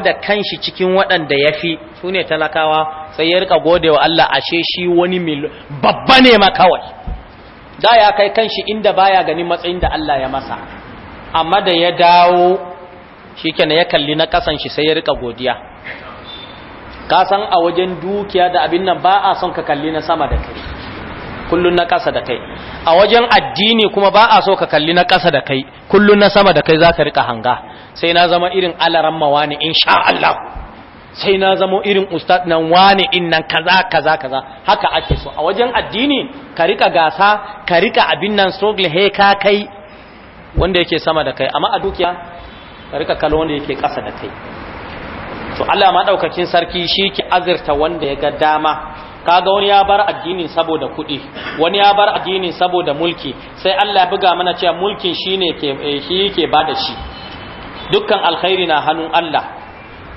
da kanshi cikin waɗanda ya fi su ne talakawa sai ya rika gode wa Allah ashe shi wani babba ne ma kawai da ya kai kanshi inda baya gani matsayin da Allah ya masa amma da ya dawo shi ya kalli na kasan shi sai ya rika godiya ka san a wajen dukiya da abin nan ba a son ka kalli na sama da kai kullun na kasa da kai a wajen addini kuma ba a so ka kalli na kasa da kai kullun na sama da kai za ka rika hanga sai na zama irin alaramma wani in sha Allah sai na zama irin ustad nan wani in nan kaza kaza kaza haka ake so a wajen addini ka rika gasa ka rika abin nan struggle he ka kai wanda yake sama da kai amma a dukiya ka rika kallon wanda yake kasa da kai to Allah ma daukakin sarki shi ke azurta wanda ya ga dama kaga wani ya bar addinin saboda kuɗi wani ya bar addinin saboda mulki sai Allah ya buga mana cewa mulkin shine ke eh, shi yake bada shi dukkan alkhairi na hannun Allah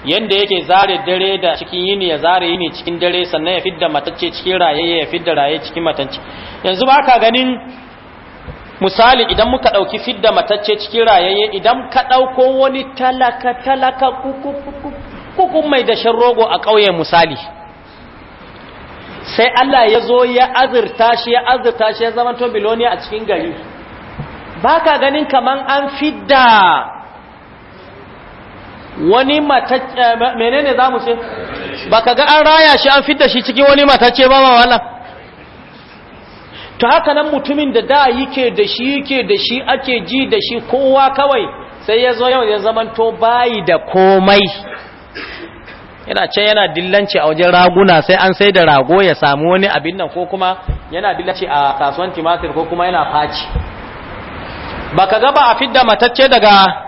yanda yake zare dare da cikin yini ya zare yini cikin dare sannan ya fidda matacce cikin raye ya fidda raye cikin matacce yanzu ba ka ganin misali idan muka ɗauki fidda matacce cikin rayayye idan ka ɗauko wani talaka talaka kukun mai dashen rogo a ƙauye misali sai Allah ya zo ya azurta shi ya azurta shi ya zama to biloniya a cikin gari ba ka ganin kaman an fidda wani matacce eh, menene za mu ce ba ka ga an raya shi an fita shi cikin wani matacce ba ma wala to haka nan mutumin da da yake da shi yake da shi ake ji da shi kowa kawai sai ya zo yau ya zamanto bayi da komai yana ce yana dillanci a wajen raguna sai an sai da rago ya samu wani abin nan ko kuma yana dillanci a kasuwan timatir ko kuma yana faci ba ka ba a fidda matacce daga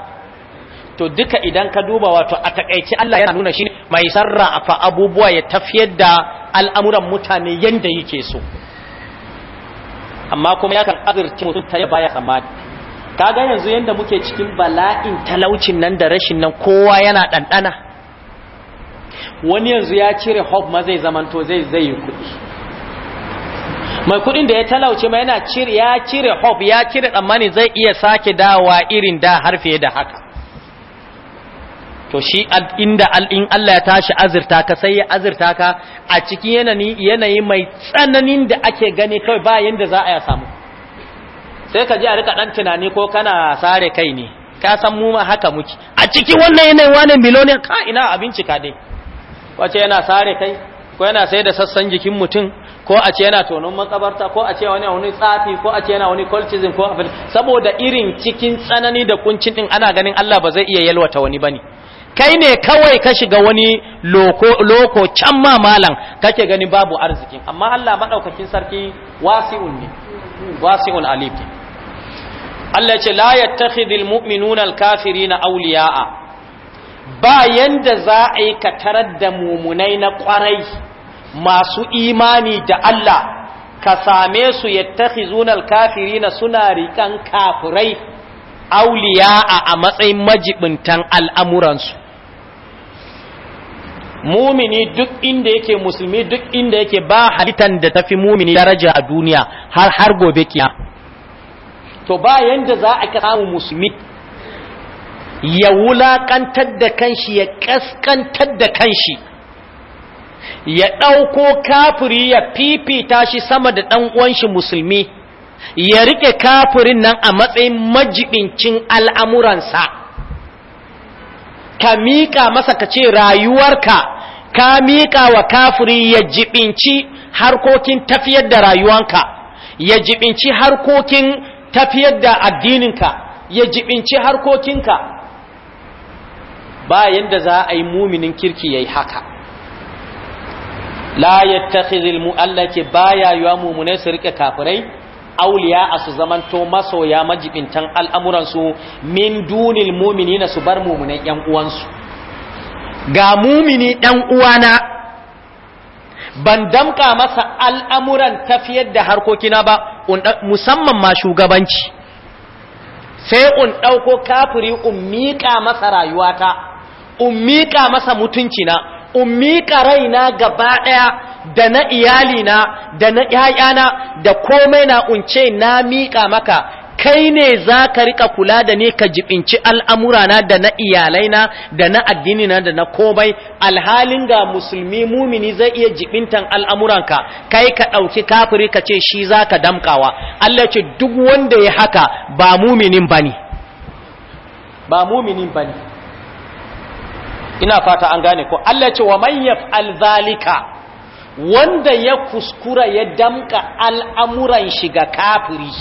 to duka idan ka duba wato a takaici Allah yana nuna shi mai sarrafa abubuwa ya tafiyar da al'amuran mutane yanda yake so amma kuma ya kan azurci mutum ta baya Ka kaga yanzu yanda muke cikin bala'in talaucin nan da rashin nan kowa yana ɗanɗana wani yanzu ya cire hob ma zai zamanto zai zai yi kuɗi mai kuɗin da ya talauce ma yana cire ya cire hob ya cire tsammani zai iya sake dawa irin da harfe da haka to shi inda in Allah ya tashi azurta ka sai ya azurta ka a cikin yanayi yanayi mai tsananin da ake gani kai ba yanda za a ya samu sai ka ji a rika dan tunani ko kana sare kai ne ka san mu ma haka muke a cikin wannan yanayin wani miliyan ka ina abinci ka dai wace yana sare kai ko yana sai da sassan jikin mutum ko a ce yana tonon makabarta ko a ce wani wani tsafi ko a ce yana wani cultism ko abin saboda irin cikin tsanani da kuncin din ana ganin Allah ba zai iya yalwata wani ba ne. kai ne kawai ka shiga wani loko can ma malam kake gani babu arzikin amma Allah maɗaukakin sarki wasi'un ne wasi'un alifi Allah ce la yattakhidhul mu'minuna al-kafirina awliya'a ba yanda za a yi ka tarar da mumunai na kwarai masu imani da Allah ka same su yattakhizuna al na suna rikan kafirai auliya'a a matsayin majibintan al'amuransu mumini duk inda yake musulmi duk inda yake ba halittan da tafi mumini daraja a duniya har har gobe kiya to ba yanda za a samu musulmi ya wulakantar da kanshi ya kaskantar da kanshi ya ɗauko kafiri ya fifita shi sama da ɗan uwanshi musulmi ya rike kafirin nan a matsayin majibincin al'amuransa ka miƙa masa ka ce rayuwarka ka miƙa wa kafiri ya jibinci harkokin tafiyar da rayuwanka ya jibinci harkokin tafiyar da addininka ya jibinci harkokinka ba yanda za a yi muminin kirki ya yi haka la yattakhidhul mu'allaki baya yuwa mumunai su rike kafirai auliya a su zamanto masoya majibintan al'amuransu min dunil mumini na su bar mumunan ‘yan uwansu ga mumini ɗan uwana ban damka masa al'amuran tafiyar da harkokina ba musamman ma shugabanci sai un ɗauko kafiri un miƙa masa rayuwata un miƙa masa mutuncina ummiƙa raina gaba ɗaya da na iyalina da na da komai na unce na miƙa maka kai ne za ka riƙa kula da ni ka jibinci al'amurana da na iyalaina da na addinina da na komai alhalin ga musulmi mumini zai iya jibintan al'amuranka kai ka ɗauki kafiri ka ce shi za ka damƙawa Allah ce duk wanda ya haka ba muminin ba ba muminin ba ne ina fata an gane ko Allah ce wa man yaf'al zalika wanda ya kuskura ya damka al'amuran shiga kafiri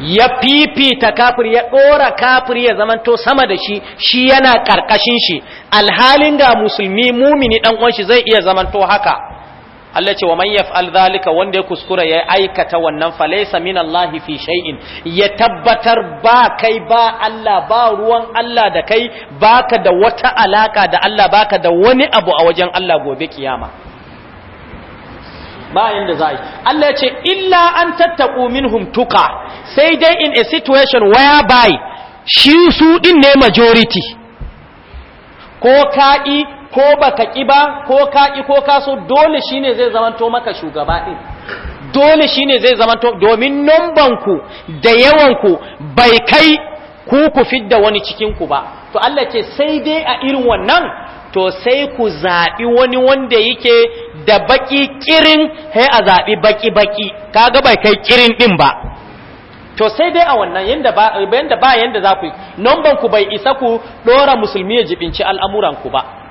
ya fifita kafiri ya dora kafiri ya zamanto sama da shi shi yana karkashin shi alhalin ga musulmi mumini dan uwan shi zai iya zamanto haka Allah ce wa man yaf'al zalika wanda ya kuskura ya aikata wannan falaysa minallahi fi shay'in ya tabbatar ba kai ba Allah ba ruwan Allah da kai baka da wata alaka da Allah baka da wani abu a wajen Allah gobe kiyama ba yanda za Allah ya ce illa an tattaku minhum tuka sai dai in a situation by shi su din ne majority ko ka'i ko baka ƙi ba ko ka ƙi ko ka so dole shine zai zamanto maka shugaba ɗin dole shine zai zamanto domin nombanku da yawanku bai kai ku ku fidda wani cikinku ba to Allah ce sai dai a irin wannan to sai ku zaɓi wani wanda yake da baki kirin sai a zaɓi baki-baki kaga bai kai kirin ɗin ba to sai dai a wannan yadda ba yadda za ku yi nombanku bai isa ku ɗora musulmi ya jibinci al'amuranku ba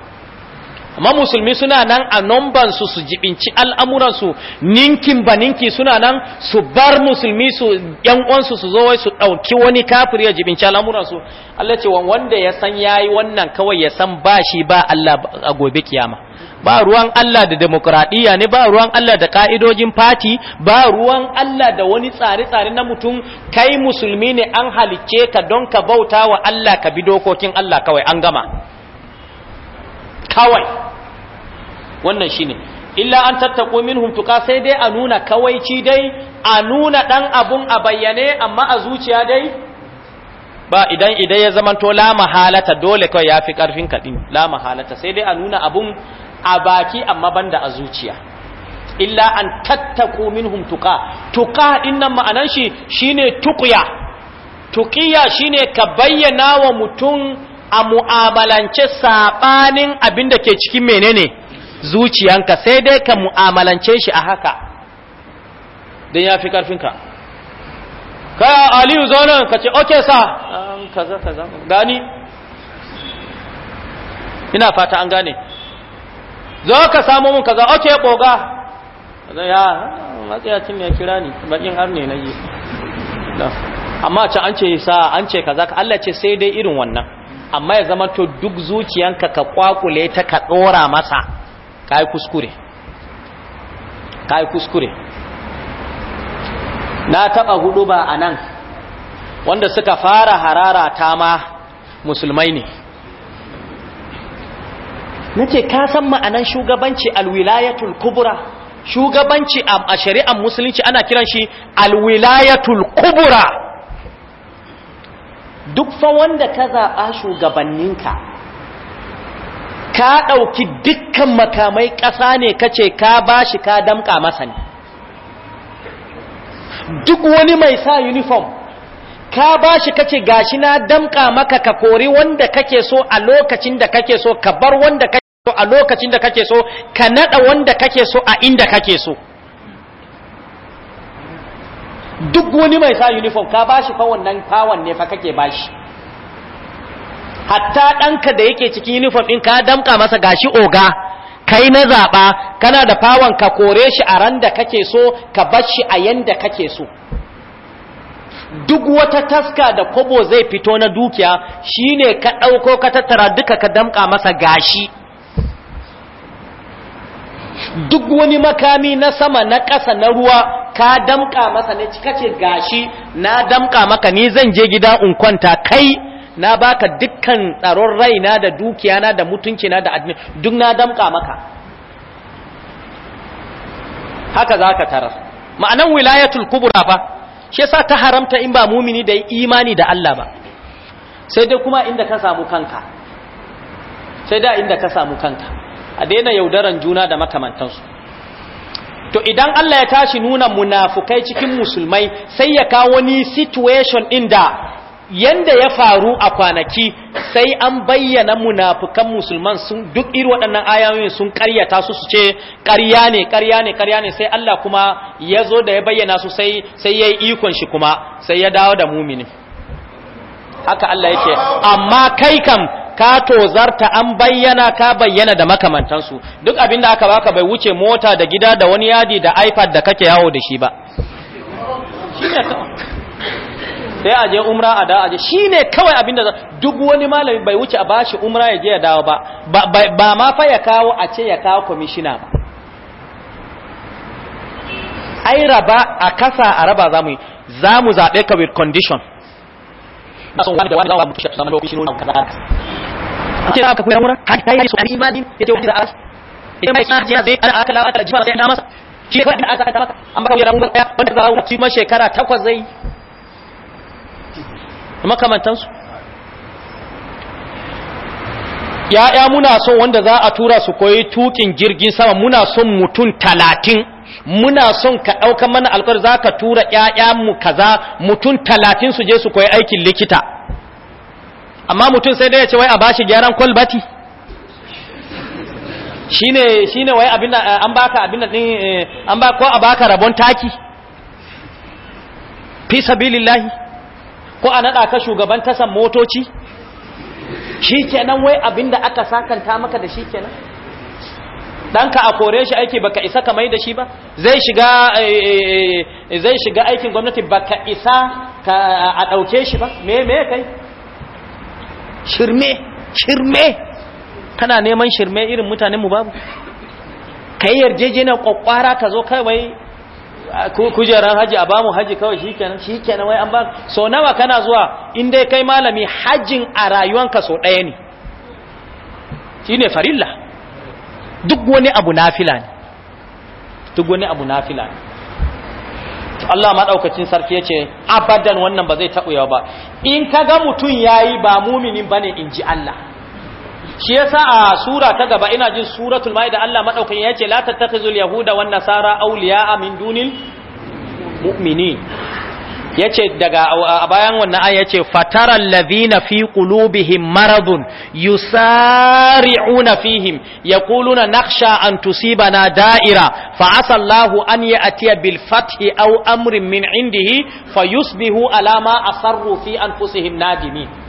amma musulmi suna nan a nomban su su jibinci al'amuran su ninkin ba ninki suna nan su bar musulmi su yan uwansu su zo wai su dauki wani kafiri ya jibinci al'amuran su Allah ce wanda ya san yayi wannan kawai ya san ba shi ba Allah a gobe kiyama ba ruwan Allah da demokradiyya ne ba ruwan Allah da ka'idojin fati ba ruwan Allah da wani tsare-tsare na mutum kai musulmi ne an halicce ka don ka bauta wa Allah ka bi dokokin Allah kawai an gama kawai wannan shine illa an tattako minhum tuka sai dai a nuna kawaici dai a nuna dan abun a bayyane amma a zuciya dai ba idan idan ya zamanto la mahalata dole kawai yafi karfin kaɗi la mahalata sai dai a nuna abun a baki amma banda a zuciya illa an tattaku minhum tuka tuka din nan ma'anar shi shine tuqiya tuqiya shine ka bayyana wa mutum a mu'amalance saɓanin abin da ke cikin menene zuciyanka sai dai ka mu'amalance shi a haka don ya fi ƙarfinka ka aliyu zonan ka ce oke sa kaza kaza gani ina fata an gane zo ka samu mun kaza oke ɓoga ya matsayacin ya kira ni bakin har ne na yi amma can an ce sa an ce kaza ka Allah ce sai dai irin wannan amma ya zama to duk zuciyanka ka kwakule ta ka dora masa kai kuskure kai kuskure na taba hudu ba anan wanda suka fara harara ta ma musulmai ne nace ka san ma'anan shugabanci alwilayatul kubra shugabanci a shari'ar musulunci ana kiran shi alwilayatul kubra duk fa wanda ka zaɓa shugabanninka ka ɗauki dukkan makamai ƙasa ne ka ce ka ba shi ka damƙa masa ne duk wani mai sa uniform ka ba shi ka ce ga shi na damƙa maka ka kori wanda kake so a lokacin da kake so ka bar wanda kake so a lokacin da kake so ka naɗa wanda kake so a inda kake so duk wani mai sa uniform ka bashi fa wannan fawon ne fa kake bashi hatta ɗanka da yake cikin uniform ɗin ka damka masa gashi oga kai na zaɓa kana da fawon ka kore shi a ran da kake so ka bar shi a yanda kake so duk wata taska da kobo zai fito na dukiya shine ka ɗauko ka tattara duka ka damka masa gashi duk wani makami na sama na ƙasa na ruwa ka damƙa masa ne cika ce gashi na damƙa maka ni zan je gida in kwanta kai na baka dukkan tsaron raina da dukiya na da mutunci na da adini duk na damƙa maka haka za ka tarar ma'anan wilayatul kubura fa shi yasa ta haramta in ba mumini da imani da Allah ba sai dai kuma inda ka samu kanka sai dai inda ka samu kanka a daina yaudaran juna da makamantansu to idan Allah ya tashi nuna munafukai cikin musulmai sai ya kawo wani situation ɗin da yanda ya faru a kwanaki sai an bayyana munafukan musulman sun duk iri waɗannan ayoyin sun ƙaryata su su ce ƙarya ne ƙarya ne ƙarya ne sai Allah kuma ya zo da ya bayyana su sai sai yayi ikon shi kuma sai ya dawo da mumini haka Allah yake amma kai kam ka tozarta an bayyana ka bayyana da makamantansu duk abin da aka baka bai wuce mota da gida da wani yadi da ipad da kake yawo da shi ba sai a je umra a da a je shi ne kawai abin da duk wani malami bai wuce a bashi umra ya je ya dawo ba ba ma fa ya kawo a ce ya kawo kwamishina ba ai raba a kasa a raba za mu yi zaɓe ka with condition ya ya muna son wanda za a tura su koyi tukin jirgin sama muna son mutum talatin muna son ka ɗauka mana alkawar za ka tura mu kaza mutum talatin su je su koyi aikin likita amma mutum sai dai ya ce wai a bashi gyaran kwalbati shi ne wai abin eh, an ka abin ɗin eh, an ba ko a baka rabon taki fi sabilillahi ko a naɗa ka shugaban tasan motoci Shi kenan wai abin da aka sakanta maka da shi kenan. ɗanka a kore shi aiki baka isa ka mai da shi ba zai shiga eh, eh, zai shiga aikin gwamnati baka isa ka a ɗauke shi ba me me kai shirme shirme kana neman shirme irin mutanen mu babu kai yarjejeniyar kwakwara ka zo kai wai kujeran haji a bamu haji kawai shikenan shikenan wai an ba so nawa kana zuwa in dai kai malami hajjin a rayuwanka so ɗaya ne shine farilla duk wani abu nafila ne duk wani abu nafila ne Allah maɗaukacin sarki ya ce abadan wannan ba zai taɓuya ba in ka ga mutum ya yi ba muminin ba ne in ji Allah shi yasa a sura ta gaba ina jin suratul maida Allah maɗaukakin ya ce la tattakhizul yahuda wan nasara awliya'a min dunin? mu'minin yace daga a bayan wannan aya yace fataral ladhina fi qulubihim maradun yusari'una fihim kuluna nakhsha an na da'ira fa an an atiya bil fathi au amrin min indihi fayusbihu ala alama asarru fi anfusihim nadimin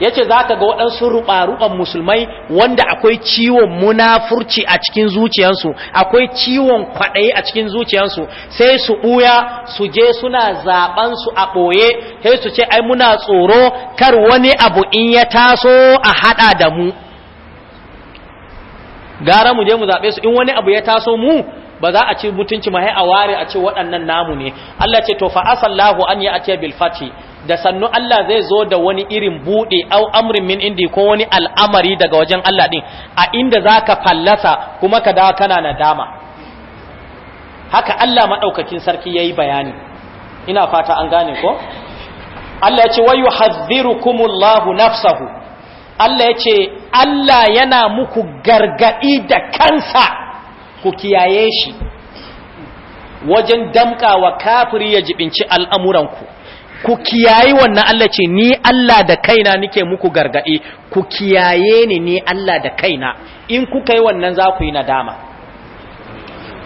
yace ka ga waɗansu ruɓa-ruɓan musulmai wanda akwai ciwon munafurci a cikin zuciyansu akwai ciwon kwaɗayi a cikin zuciyansu sai su ɓuya su je suna zaɓansu a ɓoye sai su ce ai muna tsoro kar wani abu in ya taso a haɗa da mu gara mu je mu zaɓe su in wani abu ya taso mu ba za a ci mutunci mai a ware a ce waɗannan namu ne Allah ce to fa asallahu an ya atiya bil fati da sannu Allah zai zo da wani irin bude au amrin min indi ko wani al'amari daga wajen Allah din a inda zaka fallasa kuma ka dawo kana nadama haka Allah madaukakin sarki yayi bayani ina fata an gane ko Allah ya ce wa yuhadhdhirukumullahu nafsahu Allah ya ce Allah yana muku gargadi da kansa ku kiyaye shi wajen wa kafiri ya jibinci al'amuranku ku kiyaye wannan Allah ce ni Allah da kaina nike muku gargaɗe ku kiyaye ni ni Allah da kaina in kuka yi wannan za ku yi nadama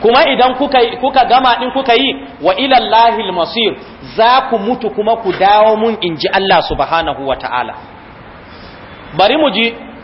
kuma idan kuka, kuka gama in kuka yi wa ilallahil za ku mutu kuma ku dawo mun in ji Allah subhanahu wa ta'ala bari mu ji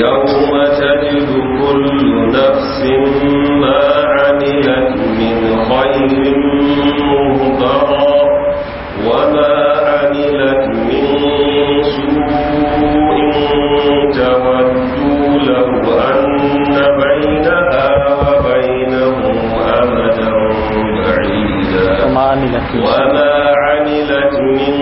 يوم تجد كل نفس ما عملت من خير مهضرا وما عملت من سوء تود له أن بينها وبينه أمدا بعيدا وما عملت من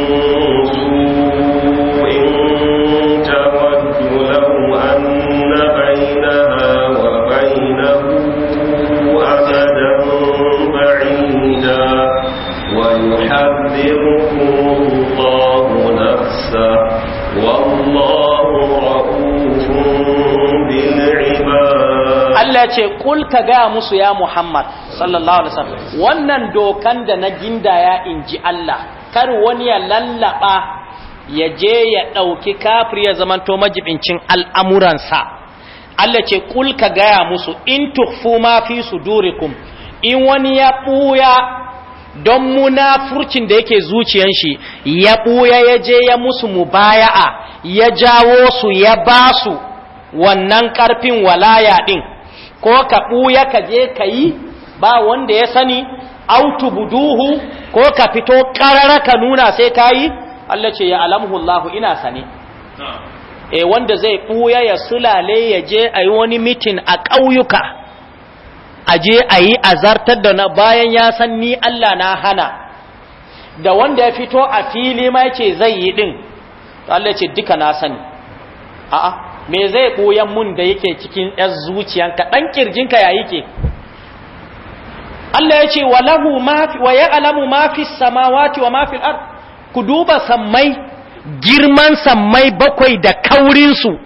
ka gaya musu ya Muhammad sallallahu alaihi wasallam wannan dokan da na gindaya ya inji Allah kar wani ya lallaba ya je ya ɗauki kafir ya zamanto majibincin al'amuransa Allah ce kul ka gaya musu in tukhfu ma fi sudurikum in wani ya ɓuya don munafurcin da yake zuciyan shi ya ɓuya ya je ya musu mubaya'a ya jawo su ya ba su wannan ƙarfin walaya ɗin ko ka ɓuya ka je ka yi ba wanda ya sani autu buduhu ko ka fito ƙarara ka nuna sai ka yi Allah ce ya alamhullahu ina sani. e eh, wanda zai ɓuya ya sulale ya je a yi wani mitin a ƙauyuka a je a yi azartar da na bayan ya san ni Allah na hana da wanda ya fito a fili ma ce zai yi ɗin Allah ce duka na sani a'a me zai ɓoyan mun da yake cikin ɗan zuciyanka ɗan ƙirjinka ya ke? Allah ya ce wa lahu mafi wa ya alamu mafi samawati wa mafi al'ar ku duba sammai girman sammai bakwai da kaurinsu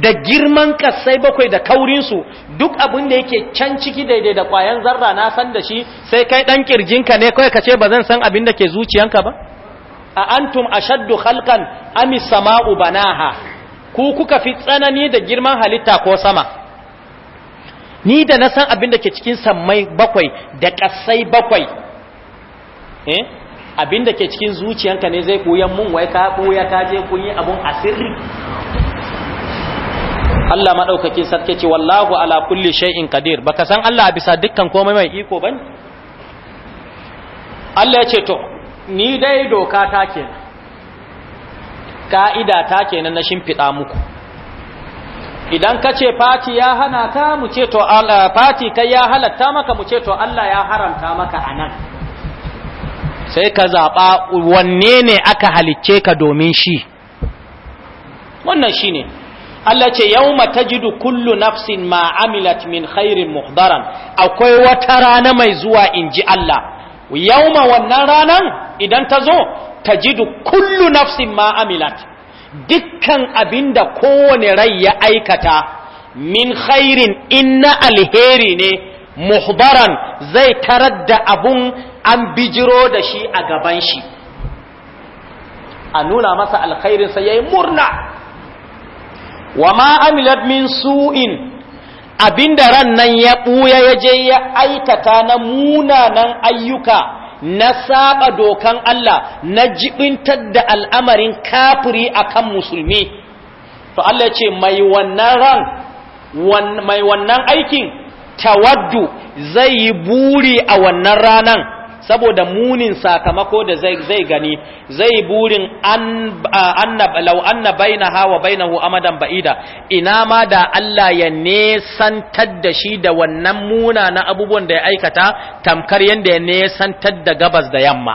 da girman kasai bakwai da kaurinsu duk abin da yake can ciki daidai da ƙwayan zarra na san da shi sai kai ɗan ƙirjinka ne kawai ka ce ba zan san abin da ke zuciyanka ba a antum ashaddu khalqan ami sama'u banaha ku kuka fi tsanani da girman halitta ko sama ni da na san abin da ke cikin sammai bakwai da ƙasai bakwai eh abin da ke cikin zuciyanka ne zai koyan mun wai ka koya ka je kun yi abun asirri Allah madaukakin sarki ce wallahu ala kulli shay'in qadir baka san Allah bisa dukkan komai mai iko bane Allah ya ce to ni dai doka ta kenan ka'ida ta kenan na shimfiɗa muku idan ka ce fati ya hana ka mu ce to fati kai ya halatta maka mu ce to Allah ya haramta maka anan, sai ka zaɓa wanne ne aka halicce ka domin shi wannan shi ne Allah ce yau tajidu kullu nafsin ma amilat min khairin muhdaran akwai wata rana mai zuwa inji Allah yauma wannan ranan idan ta zo ta ji kullu nafsin ma amilat dukkan da kowane rai ya aikata min khairin inna alheri ne muhbaran zai tarar da abun an bijiro da shi a gaban shi a nuna masa alkhairin sai yayi murna wa ma'amilat amilat min su'in abinda ran nan ya ɓuya ya je ya aikata na munanan ayyuka na saba dokan Allah na jibintar da al'amarin kafiri akan musulmi to Allah ce mai wannan ran mai wannan aikin tawaddu zai yi buri a wannan ranan saboda munin sakamako da zai gani zai burin an anna law anna bainaha wa bainahu amadan ba'ida ina ma da Allah ya nesantar da shi da wannan muna na abubuwan da ya aikata tamkar yanda ya nesantar da gabas da yamma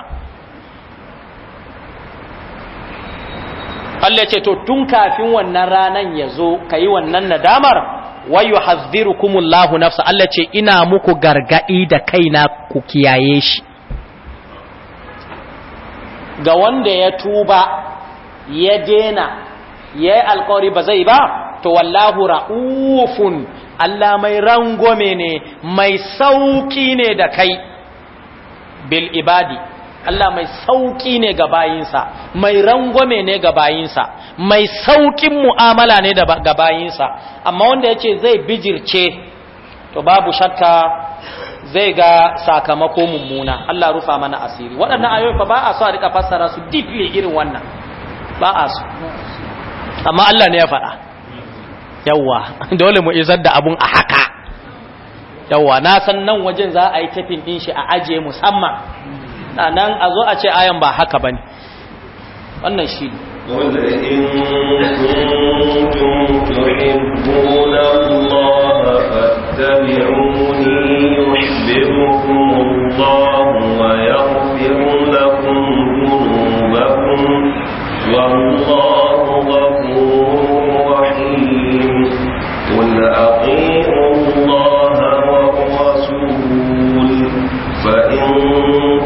Allah ce to tun kafin wannan ranan ya zo ka yi wannan nadamar wayu hazzirukumullahu nafsa Allah ce ina muku gargadi da kaina ku kiyaye shi ga wanda ya tuba ya dena ya yi alkawari ba zai ba to wallahu ra'ufun Allah mai rangome ne mai sauki ne da kai bil ibadi Allah mai sauki ne ga bayinsa mai rangome ne ga bayinsa mai saukin mu'amala ne ga bayinsa amma wanda ya ce zai bijirce to babu shakka zai ga sakamako mummuna Allah rufa mana asiri waɗannan ayoyi fa ba a so a rika fassara su deeply irin wannan ba a so amma Allah ne ya faɗa yawa dole mu izar da abun a haka yawa na san nan wajen za a yi tafin din shi a aje musamman nan a zo a ce ayan ba haka bane wannan shi ne قل الله ويغفر لكم ذنوبكم والله غفور رحيم قل أطيعوا الله والرسول فإن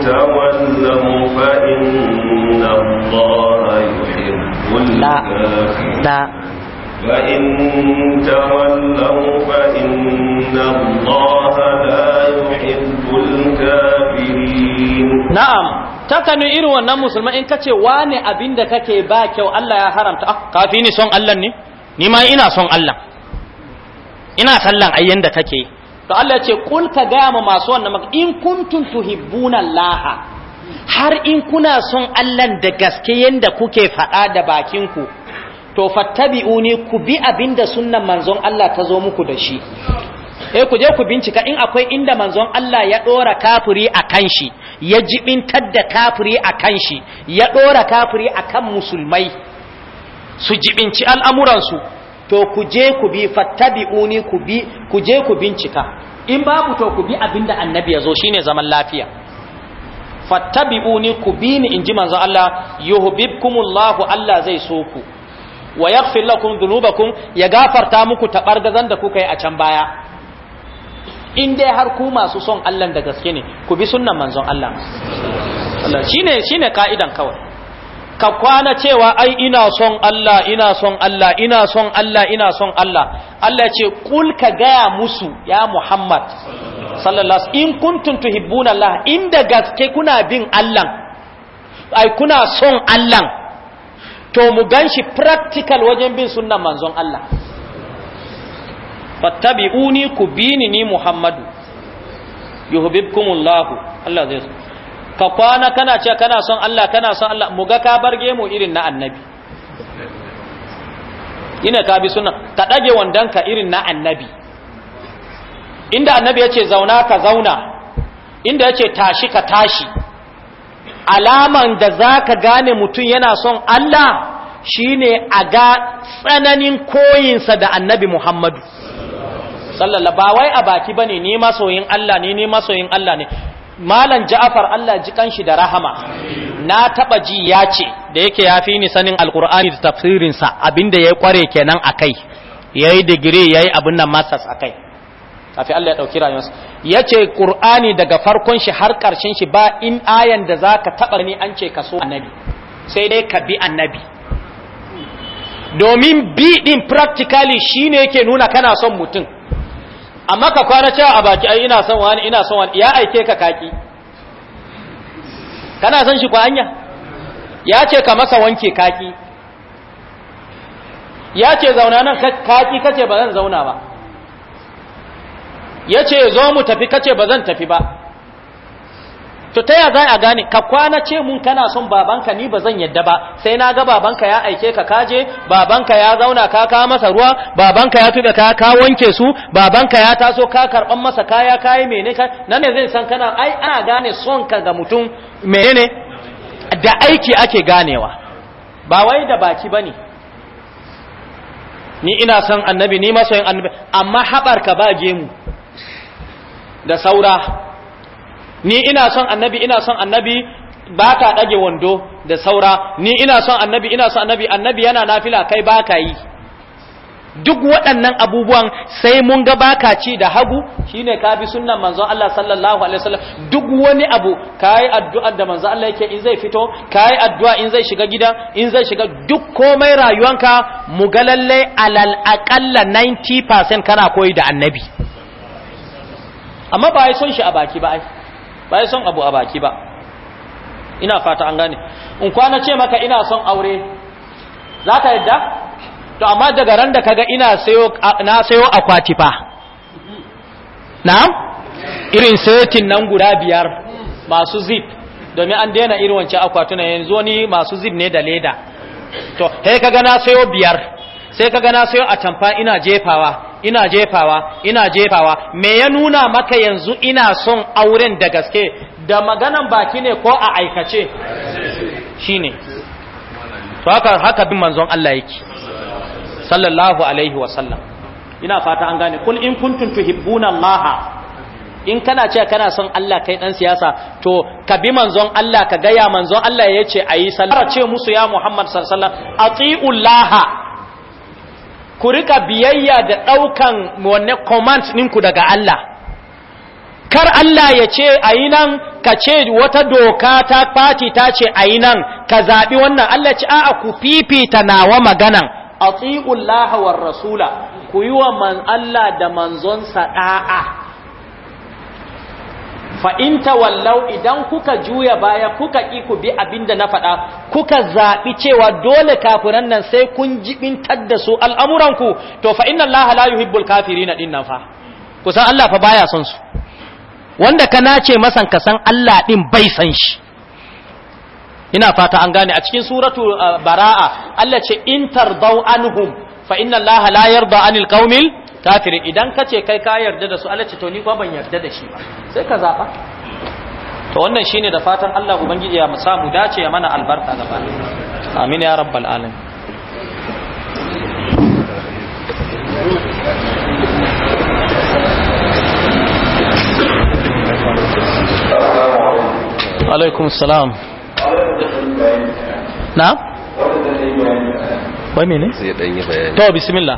تولوا فإن الله يحب الكافرين فإن تولوا فإن الله لا يحب الكافرين نعم takanu irin wannan musulman in kace wane abin da kake ba kyau Allah ya haramta ah kafi ni son Allah ne ni ma ina son Allah ina da kake to Allah ce kul ka ga ma masu wannan in kuntum tuhibbuna Allah har in kuna son Allah da gaske yanda kuke faɗa da bakin ku to fattabi'uni ku bi abinda sunnan manzon Allah ta zo muku da shi eh ku je ku bincika in akwai inda manzon Allah ya dora kafiri akan shi ya jibintar da kafiri akan shi ya dora kafiri akan musulmai su jibinci al'amuransu to ku je ku bi fattabi'uni ku bi ku je ku bincika in babu to ku bi abinda annabi ya zo shine zaman lafiya fattabi'uni ku bi ni inji manzon Allah yuhibbukumullahu Allah zai so ku wa yaghfir lakum dhunubakum ya gafarta muku tabargazan da kuka yi a can baya in dai har ku masu son Allah da gaske ne ku bi sunnan manzon Allah Allah shine shine ka'idan kawai ka kwana cewa ai ina son Allah ina son Allah ina son Allah ina son Allah Allah ce kul ka gaya musu ya Muhammad sallallahu in kuntum tuhibbuna Allah inda gaske kuna bin Allah ai kuna son Allah to mu gan shi practical wajen bin sunan manzon Allah uni ku bini ni Muhammadu yuhibbukumullahu Allah zai ka kwana kana cewa kana son Allah kana son Allah mu ga ka barge mu irin na annabi ina ka bi sunna ka dage wandanka irin na annabi inda annabi yace zauna ka zauna inda yace tashi ka tashi alaman da za ka gane mutum yana son Allah shi ne a ga tsananin koyinsa da annabi Muhammadu sallallahu ba wai a baki ba ne ni masoyin Allah ne ni masoyin Allah ne malam Ja'far Allah ji kanshi da rahama na taɓa ji ya ce da yake yafi ni sanin alkur'ani da tafsirinsa abinda abinda yi kware kenan akai digiri ya yi abin nan masters akai kafin Allah ya ɗauki rayuwarsa ya ce ƙur'ani daga farkon shi har ƙarshen shi ba in ayan da za ka taɓar ni an ce ka so annabi sai dai ka bi annabi domin bi ɗin practically shi ne yake nuna kana son mutum amma ka kwana cewa a baki ai ina son wani ina son wani ya aike ka kaki kana son shi kwa hanya ya ce ka masa wanke kaki ya ce zauna nan kaki kace ba zan zauna ba ya ce zo mu tafi kace ba zan tafi ba to ta ya za a gane ka kwana ce mun kana son babanka ni ba zan yadda ba sai na ga babanka ya aike ka kaje babanka ya zauna ka kawo masa ruwa babanka ya tuda ka ka wanke su babanka ya taso ka karban masa kaya kayi mene ka nan ne zai san kana ai ana gane son ka ga mutum menene da aiki ake ganewa ba wai da baki bane ni ina son annabi ni masoyin annabi amma haɓarka ba gemu mu da saura ni ina son annabi ina son annabi ba ka ɗage wando da saura ni ina son annabi ina son annabi annabi yana nafila kai ba ka yi duk waɗannan abubuwan sai mun ga baka ci da hagu shine ka bi sunnan manzon Allah sallallahu alaihi wasallam duk wani abu kai addu'a da manzon Allah yake in zai fito kai addu'a in zai shiga gida in zai shiga duk komai rayuwanka mu ga lalle alal aqalla 90% kana koyi da annabi amma ba ya son shi a baki ba ai ba ya son abu a baki ba ina fata an gane in kwana ce maka ina son aure za ka yadda to amma daga ran da kaga ina sayo na sayo akwati fa na'am irin sayotin nan guda biyar masu zip domin an daina irin wancan akwatuna yanzu wani masu zip ne da leda to sai kaga na sayo biyar sai kaga na sayo a tamfa ina jefawa ina jefawa ina jefawa me ya nuna maka yanzu ina son auren da gaske da maganan baki ne ko a aikace shine to haka haka bin manzon Allah yake sallallahu alaihi wa sallam ina fata an gane kul in kuntum tuhibbuna Allah in kana cewa kana son Allah kai dan siyasa to ka bi manzon Allah ka gaya manzon Allah ya ce ayi sallah ce musu ya Muhammad sallallahu alaihi sallam atiullaha ku rika biyayya da ɗaukan wanne command ɗinku daga Allah kar Allah ya ce a yi nan ka ce wata doka ta fati ta ce a yi nan ka zaɓi wannan Allah ce a'a ku fifita nawa maganan a tsiƙun lahawar rasula ku yi wa man Allah da manzonsa ɗa'a Fa'inta wallau idan kuka juya baya kuka ki ku bi da na faɗa kuka zaɓi cewa dole kafiran nan sai kun jibintar da su al'amuranku to fa inna Allah la yuhibbul kafirina fa kusan Allah fa baya son su wanda ka nace masan ka san Allah ɗin bai san shi ina fata an gane a cikin suratu uh, bara'a Allah ce in tardau anhum fa inna Allah la yarda anil qaumil kafiri idan ka ce kai ka yarda da su Allah ce to ni kuma ban yarda da shi ba sai ka zaba to wannan shine da fatan Allah ubangiji ya musa mu dace ya mana albarka gaba amin ya rabbal alamin alaikum salam na? wai mene? zai ɗanyi bayani to bismillah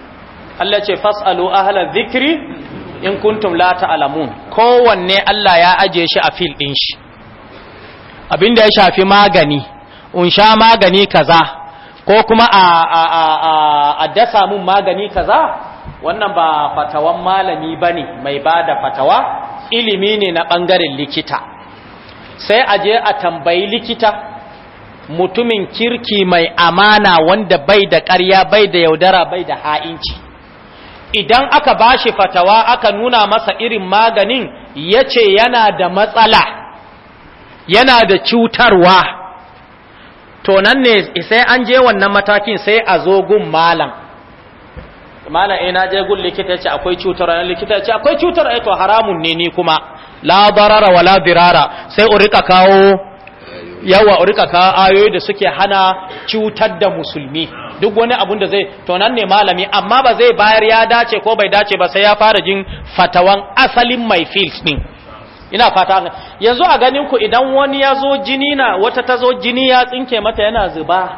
Allah ce fasalu ahla dhikri in kuntum la ta'lamun kowanne Allah ya aje shi a fil din shi abinda ya shafi magani un sha magani kaza ko kuma a a a a dasa mun magani kaza wannan ba fatawan malami bane mai bada fatawa ilimi ne na bangaren likita sai aje a tambayi likita mutumin kirki mai amana wanda bai da ƙarya bai da yaudara bai da ha'inci idan aka bashi fatawa aka nuna masa irin maganin yace yana da matsala yana da cutarwa to nan ne sai an je wannan matakin sai a zo gun malam malam eh na je gun likita yace akwai cutarwa likita yace akwai cutarwa eh, to haramun ne ni kuma la darara wala dirara sai u rika kawo yawa rika ka ayoyi da suke hana cutar da musulmi duk wani abun da zai to nan ne malami amma ba zai bayar ya dace ko bai dace ba sai ya fara jin fatawan asalin mai fields din ina fata yanzu a ganin ku idan wani ya zo jini na wata ta zo jini ya tsinke mata yana zuba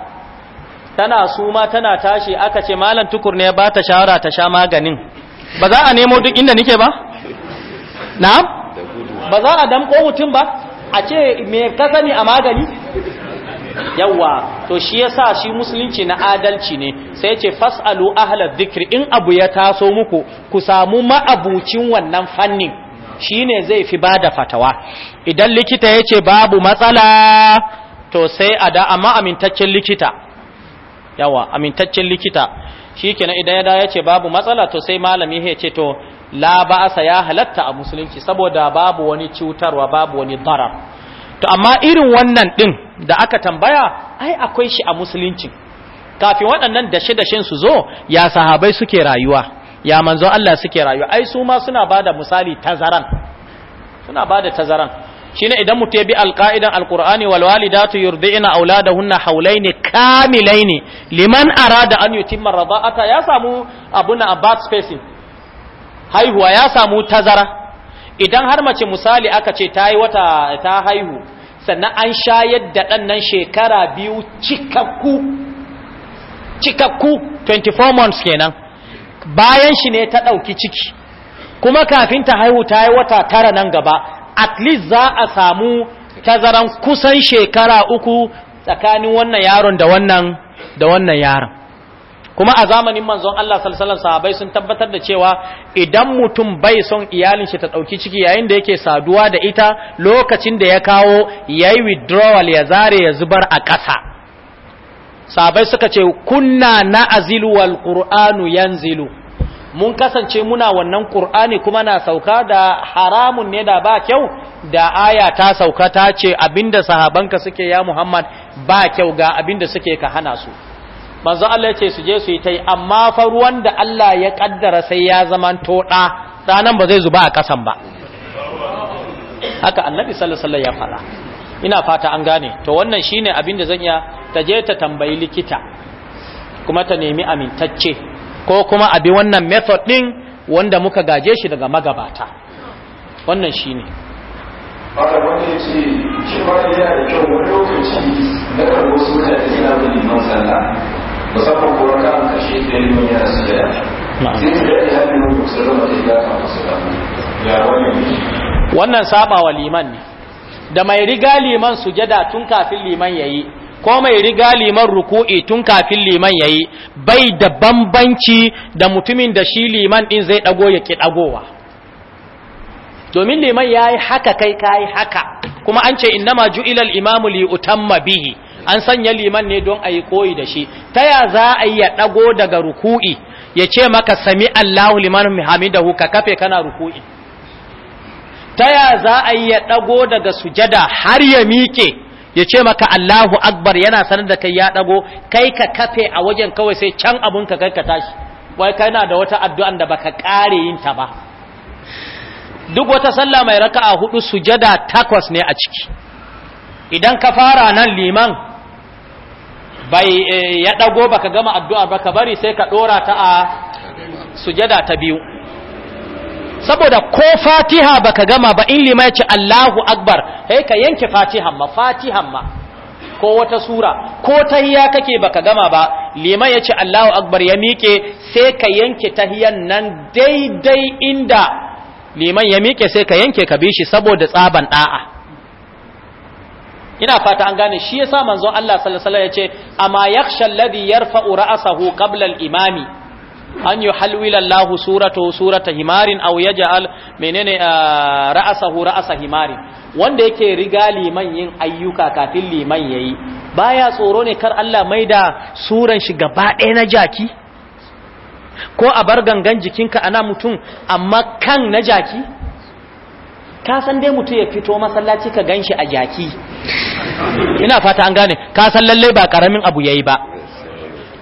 tana suma tana tashi aka ce malam tukur ne ba ta shawara ta sha maganin ba za a nemo duk inda nike ba na'am ba za a damko mutum ba a ce me ka sani a magani yawa to shi yasa shi musulunci na adalci ne sai ce fasalu ahla zikiri in abu ya taso muku ku samu ma'abucin wannan fannin shine zai fi bada fatawa idan likita yace babu matsala to sai a da amma amintaccen likita yawa amintaccen likita shikenan idan ya da yace babu matsala to sai malami ya ce to la Asa ya halatta a musulunci saboda babu wani cutarwa babu wani darar to amma irin wannan din da aka tambaya ai akwai shi a musulunci kafin waɗannan dashe-dashen su zo ya sahabai suke rayuwa ya manzo Allah suke rayuwa ai su ma suna bada misali tazaran suna bada tazaran shine idan mutum ya bi alqaidan alqur'ani wal walidatu yurdi'na auladahunna hawlaini kamilaini liman arada an yutimma rada'ata ya samu abuna about spacing haihuwa ya samu tazara idan har mace misali aka ce ta yi wata ta haihu sannan an shayar da ɗannan shekara biyu cikakku cikakku 24 months kenan bayan shi ne ta ɗauki ciki kuma kafin ta haihu ta yi wata tara nan gaba at least za a samu tazaran kusan shekara uku tsakanin wannan yaron da wannan da wannan yaron kuma a zamanin manzon Allah sallallahu alaihi sahabbai sun tabbatar da cewa idan mutum bai son iyalin shi ta dauki ciki yayin da yake saduwa da ita lokacin da ya kawo yayi withdrawal ya zare ya zubar a ƙasa sahabbai suka ce kunna azilu wal qur'anu yanzilu mun kasance muna wannan qur'ani kuma na sauka da haramun ne da ba kyau da aya ta sauka ta ce abinda sahabanka suke ya Muhammad ba kyau ga abinda suke ka hana su manzo Allah ya ce su je su yi tai amma fa ruwan da Allah ya kaddara sai ya zaman toɗa ɗanan ba zai zuba a kasan ba haka annabi sallallahu alaihi ya fara ina fata an gane to wannan shine abin da zan iya ta je ta tambayi likita kuma ta nemi amintacce ko kuma abi wannan method din wanda muka gaje shi daga magabata wannan shine haka wanda ya ce shi ba yana da kyau wani lokaci da karbo suna da suna da liman sallah wannan saba wa liman ne da mai riga liman sujada tun kafin liman yayi ko mai riga liman ruku'i tun kafin liman yayi bai da bambanci da mutumin da shi liman din zai dago ya ki dagowa domin liman yayi haka kai kai haka kuma an ce innama ju'ilal imamu li utamma bihi an sanya liman ne don a yi koyi da shi ta ya za a yi ya ɗago daga ruku'i ya ce maka sami Allahu liman hamidahu ka kafe kana ruku'i ta ya za a yi ya ɗago daga sujada har ya miƙe ya ce maka Allahu akbar yana sanar da kai ya ɗago kai ka kafe a wajen kawai sai can abun ka kai ka tashi wai kai na da wata addu'an da baka ƙare yin ta ba duk wata sallah mai raka'a hudu sujada takwas ne a ciki idan ka fara nan liman bai eh, ya dago baka gama addu'ar ka bari sai ka ɗora ta a sujada ta biyu saboda ko fatiha baka gama ba in lima ce Allahu akbar sai ka yanke fatihan ma fatihan ma ko wata sura ko tahiya kake baka gama ba liman ce Allahu akbar ya miƙe sai ka yanke tahiyan nan daidai inda liman ya miƙe sai ka yanke ka bi shi saboda tsaban ɗa'a. ina fata an gane shi yasa manzon Allah sallallahu alaihi wasallam yace amma yakhsha alladhi yarfa'u ra'sahu qabla al-imami an yuhalwila Allah suratu surata himarin aw yaj'al menene ah, ra'sahu ra'sa himarin wanda yake riga liman yin ayyuka kafin liman yayi baya tsoro ne kar Allah maida suran shi gaba ɗaya na jaki ko a bar gangan jikinka ana mutum amma kan na jaki ka san dai mutum ya fito masallaci ka ganshi a jaki ina fata an gane ka san lalle ba karamin abu yayi ba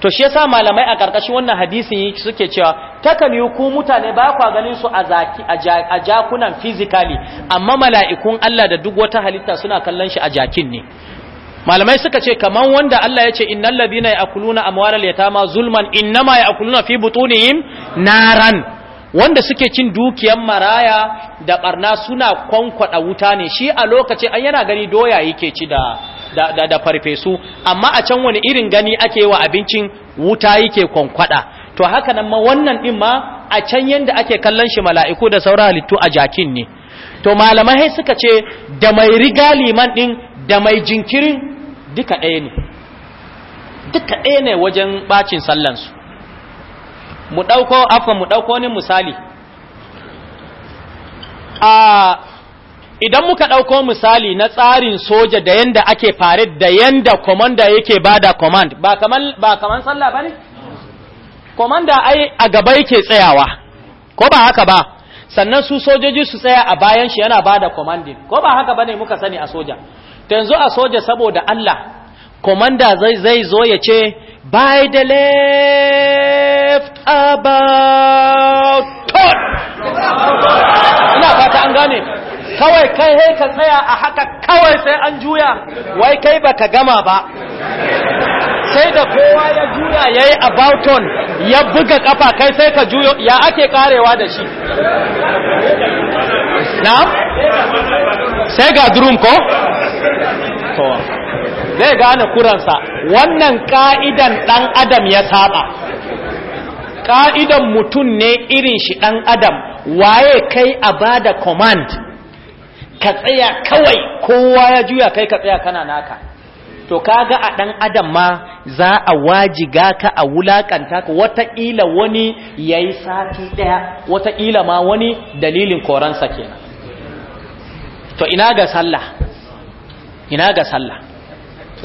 to shi yasa malamai a karkashin wannan hadisin suke cewa takan yi ku mutane ba kwa ganin su a zaki a jakunan physically amma mala'ikun Allah da duk wata halitta suna kallon shi a jakin ne malamai suka ce kaman wanda Allah ya ce innal ladina ya'kuluna amwalal yatama zulman innama ya'kuluna fi butunihim naran wanda suke cin dukiyan maraya da barna suna kwankwada wuta ne shi a lokaci an yana gani doya yake ci da da, da, da farfesu amma a can wani irin gani ake wa abincin wuta yake kwankwada to haka nan ma wannan din ma a can yanda ake kallon shi mala'iku da saura halittu a jakin ne to malamai suka ce da mai riga liman din da mai jinkirin duka ɗaya ne duka ɗaya ne wajen bacin sallansu mu ɗauko afa mu ɗauko ne misali a idan muka ɗauko misali na tsarin soja da yanda ake fare da yanda komanda yake bada command ba kaman ba ne? sallah bane komanda ai a gaba yake tsayawa ko ba haka ba sannan su sojoji su tsaya a bayan shi yana bada commanding ko ba haka bane muka sani a soja to yanzu a soja saboda Allah komanda zai zai zo ya ce by the left about turn ina fata an gane kawai kai hei ka tsaya a haka kawai sai an juya wai kai baka gama ba sai da kowa ya juya ya yi abauton ya buga kafa kai sai ka juyo ya ake karewa da shi na sai ga drum ko? kowa. zai gane kuransa wannan ka'idan ɗan adam ya saba ka'idan mutum ne irin shi ɗan adam waye kai a bada command ka tsaya kawai kowa ya juya kai ka tsaya kana naka to kaga a ɗan adam ma za a wajiga ka a wulaƙanta ka wataƙila wani ya yi sati ɗaya wataƙila ma wani dalilin koransa kenan to ina ga sallah ina ga sallah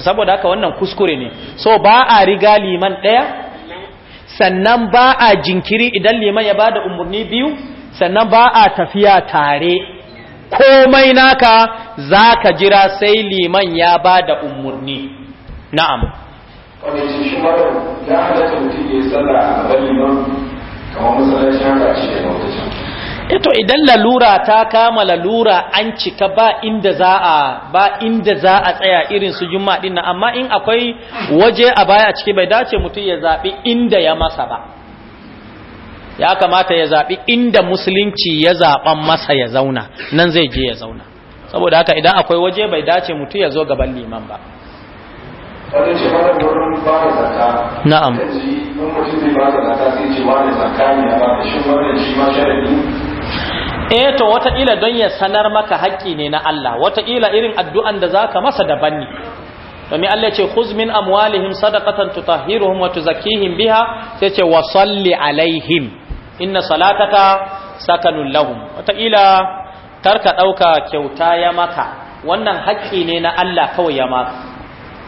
saboda haka wannan kuskure ne so ba a riga liman ɗaya sannan ba a jinkiri idan liman ya bada umarni biyu sannan ba a tafiya tare komai naka za ka jira sai liman ya bada umarni na'am ya kamar masallacin haka ce da wata can eto eh idan lalura ta kama lalura an cika ba inda za a ba inda za a tsaya irin su juma din amma in akwai waje a baya a ciki bai dace mutum ya zaɓi inda ya masa ba ya kamata ya zabi inda musulunci ya zaɓan masa ya zauna nan zai je ya zauna saboda haka idan akwai waje bai dace mutum ya zo gaban liman ba na'am eh to wataƙila don ya sanar maka haƙƙi ne na Allah wataƙila irin addu'an da za ka masa daban ne domin Allah ce huzmin amwalihim sadaqatan tutahhiruhum wa tuzakkihim biha sai ce wa salli alaihim inna salataka sakanun lahum wataƙila karka ɗauka kyauta ya maka wannan haƙƙi ne na Allah kawai ya maka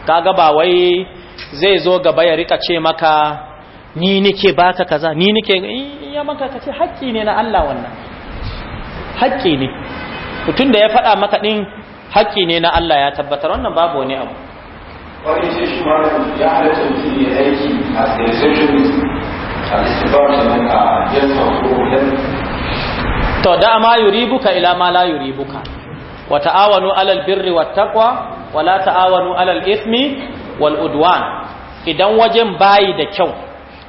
kaga ba wai zai zo gaba ya rika ce maka ni nike baka kaza ni nike ya maka kace haƙƙi ne na Allah wannan haƙƙi ne mutum da ya faɗa maka ɗin haƙƙi ne na Allah ya tabbatar wannan babu wani abu wani ce aiki a a to da ma yuribuka ila ma la yuribuka wa ta'awanu alal birri wat taqwa wa la ta'awanu alal ithmi wal udwan idan wajen bayi da kyau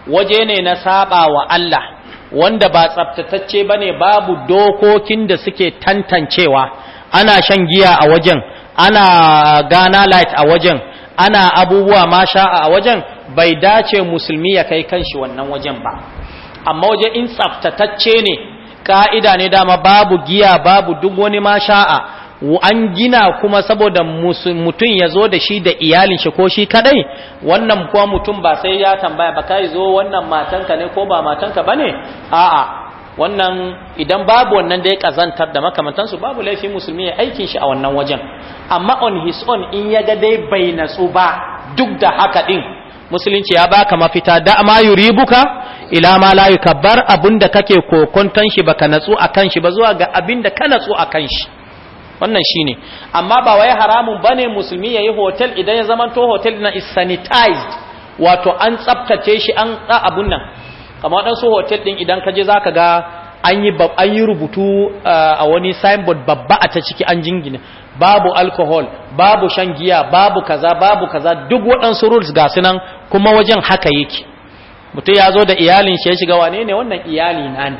waje ne na saba wa Allah wanda ba tsaftatacce ne babu dokokin da suke tantancewa ana shan giya a wajen ana gana light a wajen ana abubuwa masha a wajen bai dace musulmi ya kai kanshi wannan wajen ba amma waje in tsaftatacce ne ka'ida ne dama babu giya babu duk wani masha'a an gina kuma saboda mutum ya zo da shi da iyalin shi ko shi kadai wannan kuwa mutum ba sai ya tambaya ba kai zo wannan matanka ne ko ba matanka ne? a'a wannan idan babu wannan da ya kazantar da makamantansu babu laifin musulmi ya aikin shi a wannan wajen amma on his own in ya ga dai bai natsu ba duk da haka din musulunci ya baka mafita da ma yuribuka ila ma la yukabbar abinda kake kokonton shi baka natsu akan shi ba zuwa ga abinda ka natsu akan shi wannan shine amma ba wai haramun ba ne musulmi ya yi hotel idan ya zamanto hotel na is sanitized wato an tsaftace shi an da abun nan kamar wadansu hotel din idan ka je zaka ga an yi rubutu a wani signboard babba a ta ciki an jingina babu alcohol babu shan giya babu kaza babu kaza duk waɗansu rules ga sunan kuma wajen haka yake mutum ya zo da iyalin shi ya shiga wane ne wannan iyali na ne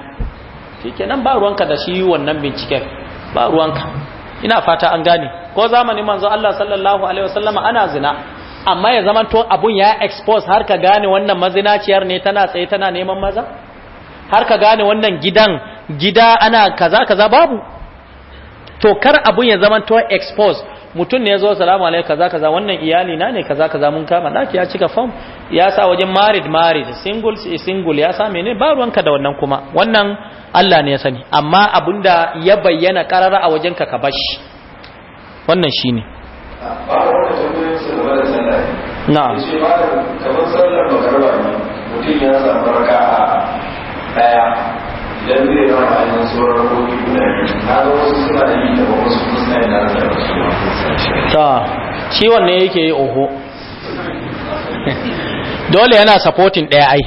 shi kenan ba ruwanka da shi wannan binciken ba ruwanka ina fata an gane ko zamanin manzo Allah sallallahu alaihi wasallama ana zina amma ya zaman to abun ya expose har ka gane wannan mazinaciyar ne tana tsaye tana neman maza har ka gane wannan gidan gida ana kaza kaza babu to kar abun ya zaman to expose mutum ne ya zo salamu alaikum kaza kaza wannan iyali na ne kaza kaza mun kama daki ya cika form ya sa wajen married married single single ya sa mene ba ruwanka da wannan kuma wannan Allah ne ya sani amma abinda ya bayyana karara a wajen ka ka bashi wannan shine na'am kamar sallar magarba ne mutum ya samu a daya dan zai zama a yin sauran roƙi guda na ga wasu suna da yi da ba wasu kuma suna da rasa ta shi wanne yake yi oho dole yana supporting ɗaya ai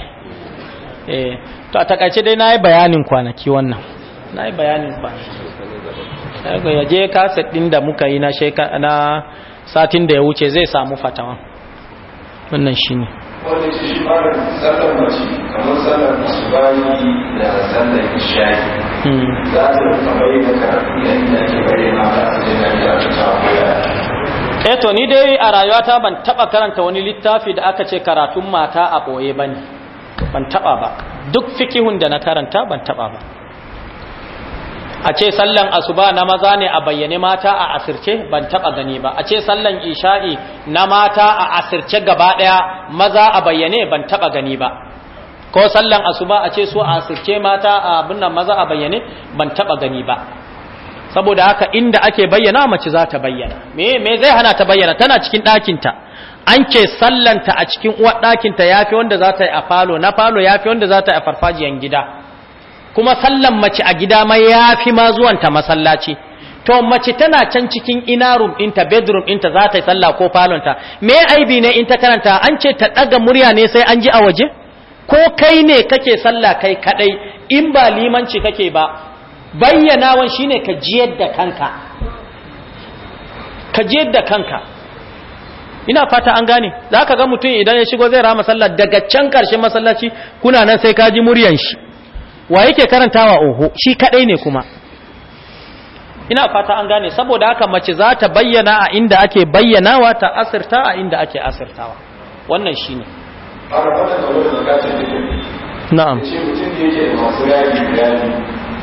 eh to a takaice dai na yi bayanin kwanaki wannan na yi bayanin kwanaki ya je kaset ɗin da muka yi na satin da ya wuce zai samu fatawa wannan shi ne wanda ce shi fara sallar mace kamar sallar masu bayi da sallar ishayi hmm. za su rufa bai da yayin da ina ke ake bayyana ba su jina da ta koya eto eh ni dai a rayuwata ban taba karanta wani littafi da aka ce karatun mata a boye bane ban taba ba duk fikihun da na karanta ban taba ba a ce sallan asuba na maza ne a bayyane mata a asirce ban taba gani ba a ce sallan isha'i na mata a asirce gaba daya maza a bayyane ban taba gani ba ko sallan asuba a ce su a asirce mata a binnan maza a bayyane ban taba gani ba saboda haka inda ake bayyana mace za ta bayyana me me zai hana ta bayyana tana cikin ɗakinta an ce sallanta a cikin uwar ta yafi wanda za ta yi a falo na falo yafi wanda za ta yi a farfajiyan gida kuma sallan mace a gida ma yafi ma zuwanta masallaci to mace tana can cikin ina room ɗinta bedroom ɗinta za ta yi sallah ko falonta me aibi ne in ta karanta an ce ta ɗaga murya ne sai an ji a waje ko kai ne kake sallah kai kaɗai in ba limanci kake ba bayyanawan ne ka jiyar da kanka ka jiyar da kanka ina fata an gane za ka ga mutum idan ya shigo zai rama sallah daga can ƙarshen masallaci kuna nan sai ka ji muryan shi wa yake karantawa oho shi kadai ne kuma ina fata an gane saboda haka mace za ta bayyana a inda ake bayyanawa ta asirta a inda ake asirtawa wannan shi ne na'am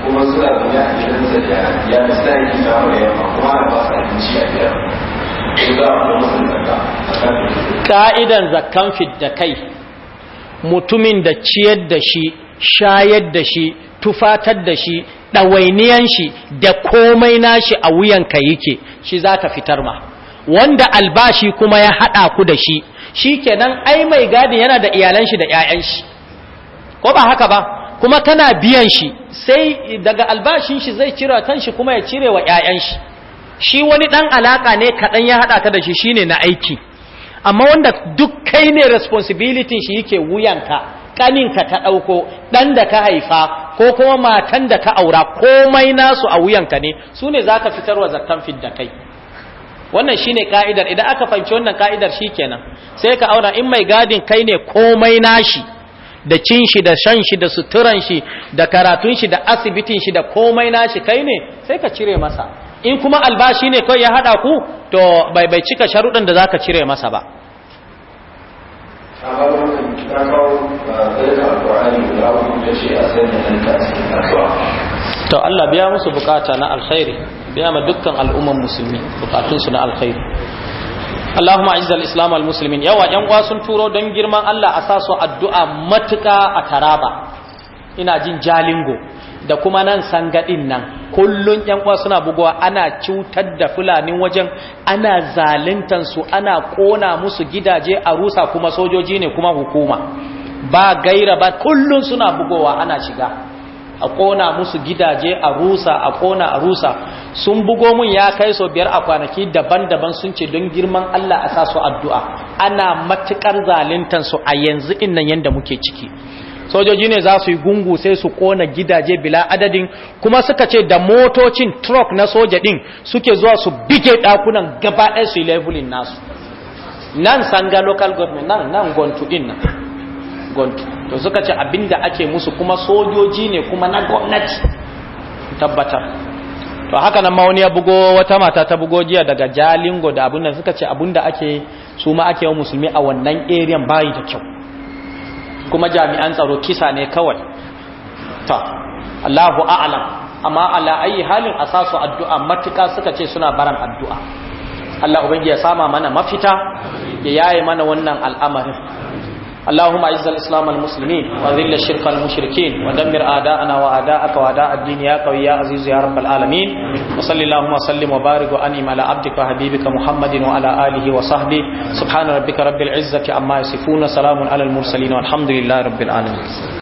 kuma suna a gidansa ya kuma a gidan ka'idan zakkan fit da kai mutumin da ciyar da shi shayar da shi tufatar da shi ɗawainiyan shi da komai nashi a wuyanka yake shi za ka fitar ma wanda albashi kuma ya haɗa ku da shi shi kenan ai mai gadi yana da iyalan shi da 'ya'yan shi ko ba haka ba kuma kana biyan shi sai daga albashin shi zai cire shi kuma ya cire wa 'ya'yan shi shi wani ɗan alaƙa ne kaɗan ya haɗa ka da shi shine na aiki amma wanda duk kai ne responsibility shi yake wuyanka kaninka ka ɗauko ɗan da ka haifa ko kuma matan da ka aura komai nasu a wuyanka ne su ne za ka fitarwa zakkan fidda kai wannan shi ka'idar idan aka fahimci wannan ka'idar shi kenan sai ka aura in mai gadin kai ne komai nashi da cin shi da shan shi da suturan shi da karatun shi da asibitin shi da komai nashi kai ne sai ka cire masa in kuma albashi ne kawai ya haɗa ku to bai bai cika sharuɗin da za ka cire masa ba. to Allah biya musu bukata na alkhairi biya ma dukkan al'umman musulmi bukatunsu na alkhairi Allahumma izza al-islam al-muslimin yawa yan uwa sun turo don girman Allah a sa su addu'a matuka a taraba ina jin jalingo da kuma nan sangadin nan kullun yan uwa suna bugowa ana cutar da fulanin wajen ana zaluntan su ana kona musu gidaje a rusa kuma sojoji ne kuma hukuma ba gaira ba kullum suna bugowa ana shiga a kona musu gidaje a rusa a kona a rusa sun bugo mun ya kai so biyar a kwanaki daban-daban sun ce don girman Allah a sa su addu'a ana matukar zalintan su a yanzu innan yanda muke ciki sojoji ne za su yi gungu sai su kona gidaje bila adadin kuma suka ce da motocin truck na soja din suke zuwa su bige dakunan gaba ɗaya su yi labulin nasu nan sanga local government nan nan gontu din nan gwamnati to suka ce abinda ake musu kuma sojoji ne kuma na gwamnati tabbatar to haka nan ma wani ya bugo wata mata ta bugo jiya daga jalingo da abin da suka ce abinda ake su ma ake wa musulmi a wannan eriyan bayi da kyau kuma jami'an tsaro kisa ne kawai ta Allahu a'lam amma ala ayi halin asasu addu'a matuka suka ce suna baran addu'a Allah ubangiji ya sama mana mafita ya yaye mana wannan al'amarin اللهم اعز الاسلام المسلمين واذل الشرك المشركين ودمر اعداءنا واعداءك واعداء الدين يا قوي يا عزيز يا رب العالمين وصلي اللهم وسلم وبارك وانعم على عبدك وحبيبك محمد وعلى اله وصحبه سبحان ربك رب العزه عما يصفون سلام على المرسلين والحمد لله رب العالمين